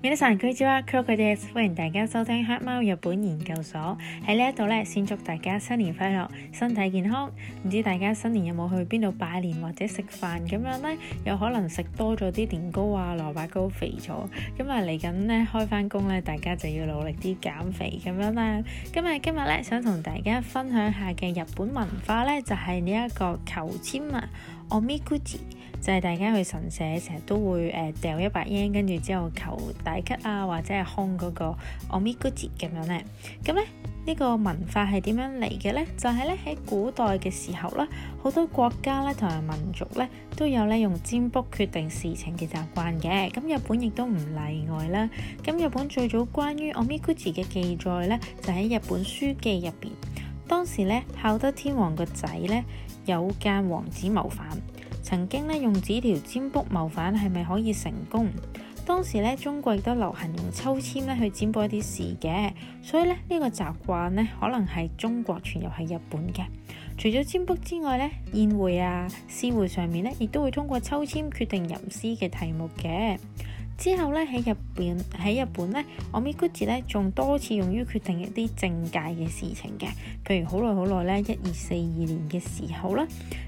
Many thanks for joining us. 歡迎大家收聽黑貓日本研究所，喺呢一度呢，先祝大家新年快樂，身體健康。唔知大家新年有冇去邊度拜年或者食飯咁樣呢？有可能食多咗啲年糕啊、蘿蔔糕，肥咗，咁啊嚟緊呢，開翻工呢，大家就要努力啲減肥咁樣啦。咁啊，今日呢，呢，想同大家分享下嘅日本文化呢，就係呢一個求籤啊！omikuji 就係、是、大家去神社成日都會誒掉一百円，跟、呃、住之後求大吉啊，或者係空嗰個 omikuji 咁樣咧。咁咧呢、這個文化係點樣嚟嘅咧？就係咧喺古代嘅時候啦，好多國家咧同埋民族咧都有咧用占卜決定事情嘅習慣嘅。咁日本亦都唔例外啦。咁日本最早關於 omikuji 嘅記載咧，就喺《日本書記》入邊。當時咧孝德天皇個仔咧。有間皇子謀反，曾經咧用紙條占卜謀反係咪可以成功。當時咧中國亦都流行用抽籤咧去占卜一啲事嘅，所以咧呢、呢個習慣咧可能係中國傳入係日本嘅。除咗占卜之外咧，宴會啊、詩會上面咧，亦都會通過抽籤決定吟詩嘅題目嘅。之後咧喺入邊喺日本咧，おみくじ咧仲多次用於決定一啲政界嘅事情嘅，譬如好耐好耐咧，一二四二年嘅時候啦，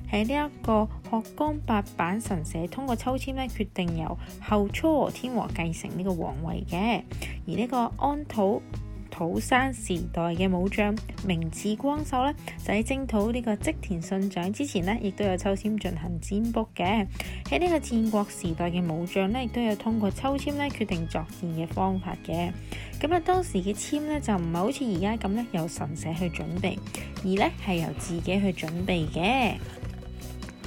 喺呢一個鶴岡八,八板神社通過抽籤咧決定由後初和天皇繼承呢個皇位嘅，而呢個安土土山時代嘅武將明智光秀呢，就喺征討呢個織田信長之前呢，亦都有抽籤進行占卜嘅。喺呢個戰國時代嘅武將呢，亦都有通過抽籤呢，決定作戰嘅方法嘅。咁啊，當時嘅籤呢，就唔係好似而家咁呢由神社去準備，而呢係由自己去準備嘅。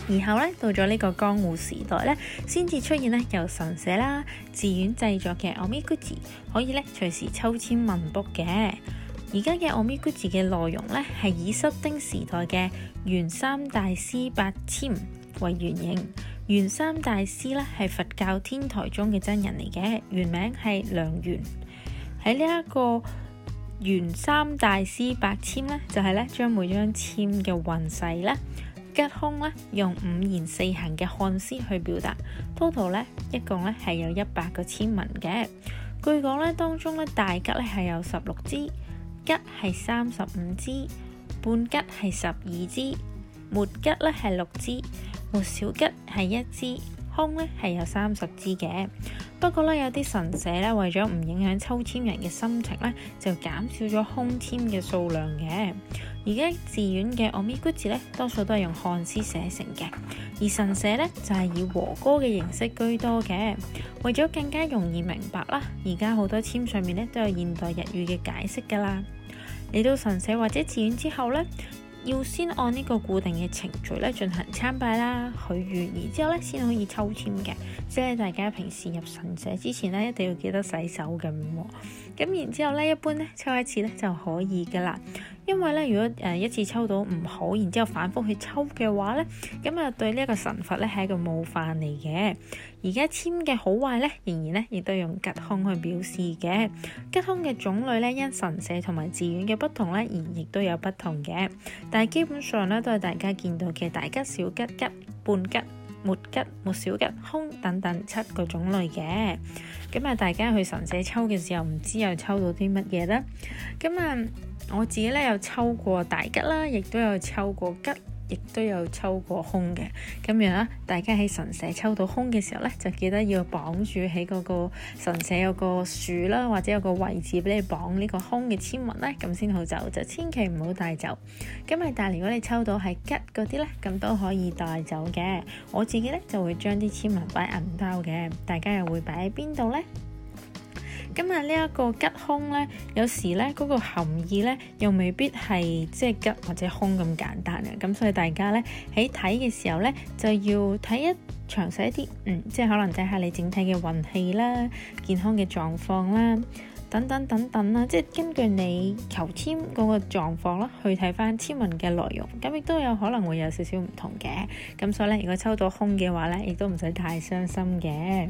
然後咧，到咗呢個江戶時代咧，先至出現咧，由神社啦、寺院製作嘅 Omikuji 可以咧隨時抽籤問卜嘅。而家嘅 Omikuji 嘅內容咧，係以室町時代嘅元三大師八籤為原型。元三大師咧係佛教天台宗嘅真人嚟嘅，原名係梁元。喺呢一個元三大師八籤咧，就係咧將每張籤嘅運勢咧，吉兇咧，用五言四行嘅漢詩去表達。total 咧，一共咧係有一百個簽文嘅。據講咧，當中咧大吉咧係有十六支，吉係三十五支，半吉係十二支，末吉咧係六支，末小吉係一支。兇咧係有三十支嘅。不過咧，有啲神社咧為咗唔影響抽籤人嘅心情咧，就減少咗兇籤嘅數量嘅。而家寺院嘅 omikuji 咧，多數都係用漢詩寫成嘅，而神社咧就係以和歌嘅形式居多嘅。為咗更加容易明白啦，而家好多籤上面咧都有現代日語嘅解釋噶啦。嚟到神社或者寺院之後咧。要先按呢個固定嘅程序咧進行參拜啦、許願，然之後咧先可以抽籤嘅。即係大家平時入神社之前咧，一定要記得洗手咁、哦。咁然之後咧，一般咧抽一次咧就可以㗎喇。因為咧，如果誒、呃、一次抽到唔好，然之後反覆去抽嘅話咧，咁啊對呢一個神佛咧係一個冒犯嚟嘅。而家籤嘅好壞咧，仍然咧亦都用吉凶去表示嘅。吉凶嘅種類咧，因神社同埋寺院嘅不同咧，而亦都有不同嘅。但基本上咧，都係大家見到嘅大吉、小吉、吉、半吉、末吉、末小吉、空等等七個種類嘅。咁、嗯、啊，大家去神社抽嘅時候，唔知又抽到啲乜嘢咧？咁、嗯、啊，我自己咧有抽過大吉啦，亦都有抽過吉。亦都有抽過空嘅，咁樣啦，啊，大家喺神社抽到空嘅時候呢，就記得要綁住喺嗰個神社有個樹啦，或者有個位置俾你綁呢個空嘅簽文呢。咁先好走，就千祈唔好帶走。咁啊，但係如果你抽到係吉嗰啲呢，咁都可以帶走嘅。我自己呢，就會將啲簽文擺銀包嘅，大家又會擺喺邊度呢？今日呢一個吉凶呢，有時呢嗰個含義呢，又未必係即係吉或者凶咁簡單嘅，咁所以大家呢，喺睇嘅時候呢，就要睇一詳細一啲，嗯，即係可能睇下你整體嘅運氣啦、健康嘅狀況啦，等等等等啦，即係根據你求籤嗰個狀況啦，去睇返籤文嘅內容，咁亦都有可能會有少少唔同嘅，咁所以呢，如果抽到凶嘅話呢，亦都唔使太傷心嘅。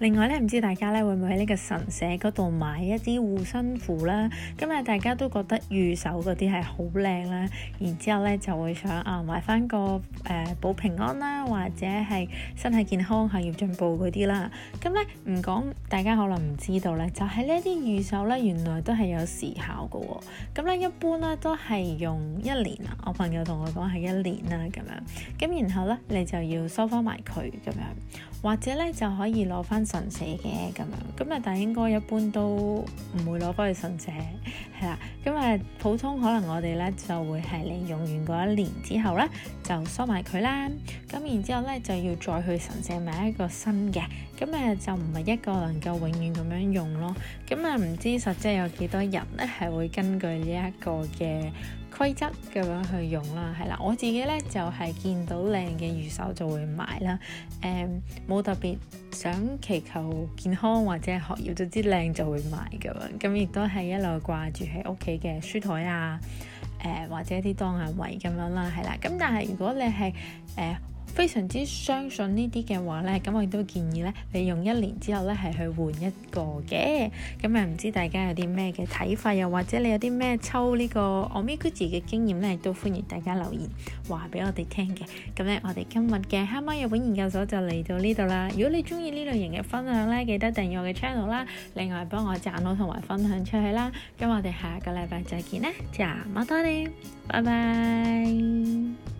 另外咧，唔知大家咧會唔會喺呢個神社嗰度買一啲護身符啦？咁、嗯、日大家都覺得御守嗰啲係好靚啦，然之後咧就會想啊買翻個誒、呃、保平安啦，或者係身體健康、行業進步嗰啲啦。咁咧唔講，大家可能唔知道咧，就係、是、呢啲御守咧原來都係有時效㗎、哦。咁、嗯、咧一般咧都係用一年啊，我朋友同我講係一年啦咁樣。咁然後咧你就要收翻埋佢咁樣，或者咧就可以攞翻神社嘅咁樣，咁啊但係應該一般都唔會攞翻去神社，係啦。咁、嗯、啊普通可能我哋咧就會係你用完嗰一年之後咧就收埋佢啦。咁然之後咧就要再去神社買一個新嘅。咁啊就唔係一個能夠永遠咁樣用咯。咁啊唔知實際有幾多人咧係會根據呢一個嘅規則咁樣去用啦？係啦，我自己咧就係、是、見到靚嘅御守就會買啦。誒、嗯，冇特別。想祈求健康或者學業都啲靚就會買㗎，咁、嗯、亦都係一路掛住喺屋企嘅書枱啊，誒、呃、或者啲當眼位咁樣啦，係、嗯、啦，咁、嗯、但係如果你係誒、呃非常之相信呢啲嘅話呢，咁我亦都建議呢，你用一年之後呢，係去換一個嘅。咁啊，唔知大家有啲咩嘅睇法，又或者你有啲咩抽呢個おみくじ嘅經驗呢，都歡迎大家留言話俾我哋聽嘅。咁呢，我哋今日嘅黑貓日本研究所就嚟到呢度啦。如果你中意呢類型嘅分享呢，記得訂閱我嘅 channel 啦。另外幫我讚好同埋分享出去啦。咁我哋下個禮拜再見啦，再見多拜拜。